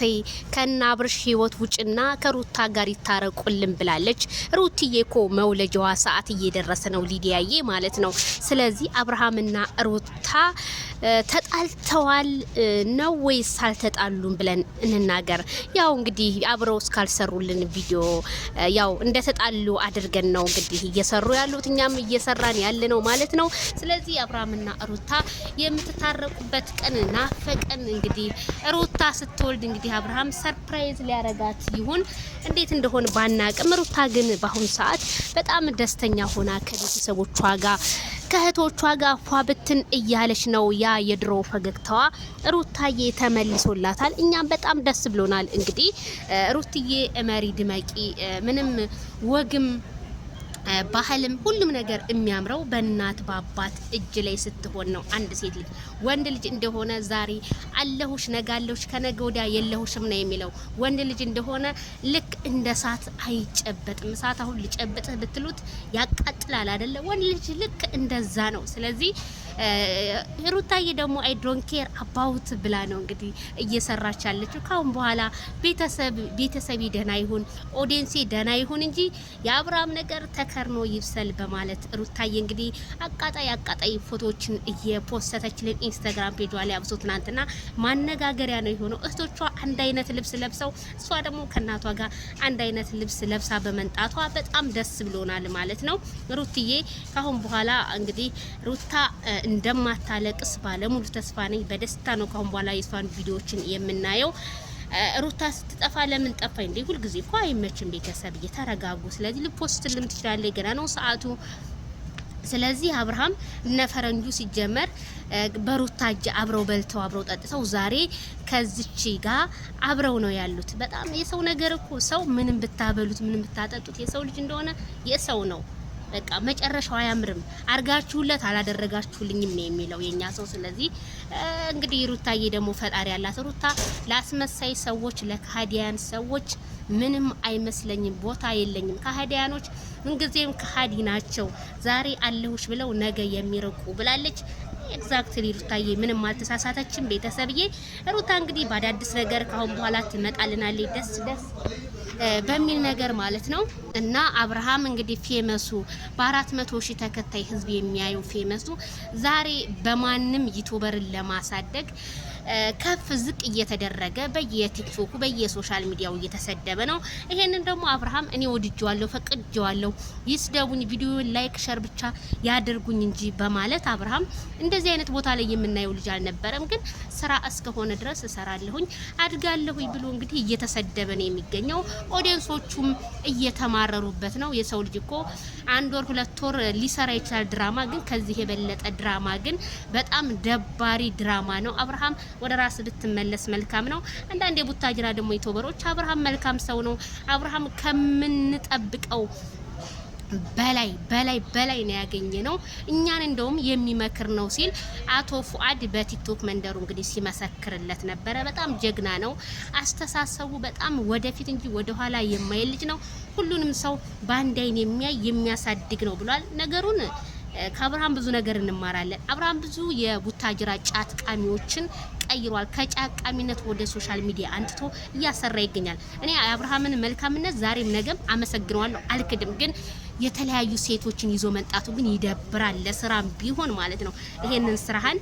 ተይ ከና አብርሽ ህይወት ውጭና ከሩታ ጋር ይታረቁልን ብላለች። ሩትዬ ኮ መውለጃዋ ሰዓት እየደረሰ ነው፣ ሊዲያዬ ማለት ነው። ስለዚህ አብርሃምና ሩታ ተጣልተዋል ነው ወይስ አልተጣሉም ብለን እንናገር። ያው እንግዲህ አብረው እስካልሰሩልን ቪዲዮ ያው እንደተጣሉ አድርገን ነው እንግዲህ እየሰሩ ያሉት፣ እኛም እየሰራን ያለ ነው ማለት ነው። ስለዚህ አብርሃምና ሩታ የምትታረቁበት ቀን ናፈቀን። እንግዲህ ሩታ ስትወልድ እንግዲህ አብርሃም ሰርፕራይዝ ሊያረጋት ይሁን እንዴት እንደሆነ ባናቅም፣ ሩታ ግን በአሁኑ ሰዓት በጣም ደስተኛ ሆና ከቤተሰቦቿ ጋር ከእህቶቿ ጋር ፏ ብትን እያለች ነው። ያ የድሮ ፈገግታዋ ሩታዬ ተመልሶላታል። እኛም በጣም ደስ ብሎናል። እንግዲህ ሩትዬ እመሪ ድመቂ ምንም ወግም ባህልም ሁሉም ነገር የሚያምረው በእናት በአባት እጅ ላይ ስትሆን ነው። አንድ ሴት ልጅ ወንድ ልጅ እንደሆነ ዛሬ አለሁሽ ነጋለሁሽ ከነገ ወዲያ የለሁሽም ነው የሚለው። ወንድ ልጅ እንደሆነ ልክ እንደ እሳት አይጨበጥም። እሳት አሁን ልጨብጥህ ብትሉት ያቃጥላል አይደለ? ወንድ ልጅ ልክ እንደዛ ነው። ስለዚህ ሩታዬ ደግሞ አይ ዶንት ኬር አባውት ብላ ነው እንግዲህ እየሰራች ያለችው። ካሁን በኋላ ቤተሰብ ቤተሰቤ ደህና ይሁን፣ ኦዲንሴ ደህና ይሁን እንጂ የአብርሃም ነገር ተከርኖ ይብሰል በማለት ሩታዬ እንግዲህ አቃጣይ አቃጣይ ፎቶዎችን እየፖሰተችልን ኢንስታግራም ፔጇ ላይ አብሶ ትናንትና ማነጋገሪያ ነው የሆነው። እህቶቿ አንድ አይነት ልብስ ለብሰው እሷ ደግሞ ከእናቷ ጋር አንድ አይነት ልብስ ለብሳ በመንጣቷ በጣም ደስ ብሎናል ማለት ነው። ሩትዬ ካሁን በኋላ እንግዲህ ሩታ እንደማታለቅስ ባለሙሉ ተስፋ ነኝ። በደስታ ነው ካሁን በኋላ የሷን ቪዲዮዎችን የምናየው። ሩታ ስትጠፋ ለምን ጠፋ እንዴ? ሁልጊዜ እኮ አይመችም። ቤተሰብ እየተረጋጉ ስለዚህ ልፖስትልም ትችላለች። ገና ነው ሰዓቱ። ስለዚህ አብርሃም እነ ፈረንጁ ሲጀመር በሩታ እጅ አብረው በልተው አብረው ጠጥተው ዛሬ ከዚች ጋር አብረው ነው ያሉት። በጣም የሰው ነገር እኮ ሰው ምንም ብታበሉት ምንም ብታጠጡት የሰው ልጅ እንደሆነ የሰው ነው። በቃ መጨረሻው አያምርም። አርጋችሁለት አላደረጋችሁልኝም ነው የሚለው የኛ ሰው። ስለዚህ እንግዲህ ሩታዬ ደግሞ ፈጣሪ ያላት ሩታ ለአስመሳይ ሰዎች፣ ለካህዲያን ሰዎች ምንም አይመስለኝም፣ ቦታ የለኝም። ካህዲያኖች ምንጊዜም ካህዲ ናቸው። ዛሬ አለሁሽ ብለው ነገ የሚርቁ ብላለች። ኤግዛክትሊ ሩታዬ ምንም አልተሳሳተችም። ቤተሰብዬ ሩታ እንግዲህ በአዳዲስ ነገር ካሁን በኋላ ትመጣልናለች። ደስ ደስ በሚል ነገር ማለት ነው። እና አብርሃም እንግዲህ ፌመሱ በአራት መቶ ሺህ ተከታይ ህዝብ የሚያዩ ፌመሱ ዛሬ በማንም ዩቱበርን ለማሳደግ ከፍ ዝቅ እየተደረገ በየቲክቶኩ በየሶሻል ሚዲያው እየተሰደበ ነው። ይሄንን ደግሞ አብርሃም እኔ ወድጀዋለሁ፣ ፈቅጀዋለሁ፣ ይስደቡኝ፣ ቪዲዮ ላይክ ሸር ብቻ ያደርጉኝ እንጂ በማለት አብርሃም እንደዚህ አይነት ቦታ ላይ የምናየው ልጅ አልነበረም። ግን ስራ እስከሆነ ድረስ እሰራለሁኝ አድጋለሁኝ ብሎ እንግዲህ እየተሰደበ ነው የሚገኘው። ኦዲየንሶቹም እየተማረሩበት ነው። የሰው ልጅ እኮ አንድ ወር ሁለት ወር ሊሰራ ይችላል ድራማ። ግን ከዚህ የበለጠ ድራማ ግን በጣም ደባሪ ድራማ ነው አብርሃም ወደ ራስ ብትመለስ መልካም ነው። አንዳንድ የቡታጅራ ደግሞ ዩቱበሮች አብርሃም መልካም ሰው ነው፣ አብርሃም ከምንጠብቀው በላይ በላይ በላይ ነው ያገኘ ነው እኛን እንደውም የሚመክር ነው ሲል አቶ ፉአድ በቲክቶክ መንደሩ እንግዲህ ሲመሰክርለት ነበረ። በጣም ጀግና ነው። አስተሳሰቡ በጣም ወደፊት እንጂ ወደኋላ የማይል ልጅ ነው። ሁሉንም ሰው በአንድ አይን የሚያይ የሚያሳድግ ነው ብሏል። ነገሩን ከአብርሃም ብዙ ነገር እንማራለን። አብርሃም ብዙ የቡታጅራ ጫት ቃሚዎችን ቀይሯል። ከጫቃሚነት ወደ ሶሻል ሚዲያ አንጥቶ እያሰራ ይገኛል። እኔ አብርሃምን መልካምነት ዛሬም ነገም አመሰግነዋለሁ፣ አልክድም። ግን የተለያዩ ሴቶችን ይዞ መምጣቱ ግን ይደብራል። ለስራም ቢሆን ማለት ነው። ይሄንን ስራህን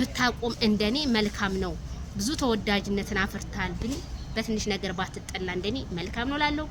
ብታቆም እንደኔ መልካም ነው። ብዙ ተወዳጅነትን አፍርታል። ግን በትንሽ ነገር ባትጠላ እንደኔ መልካም ነው ላለው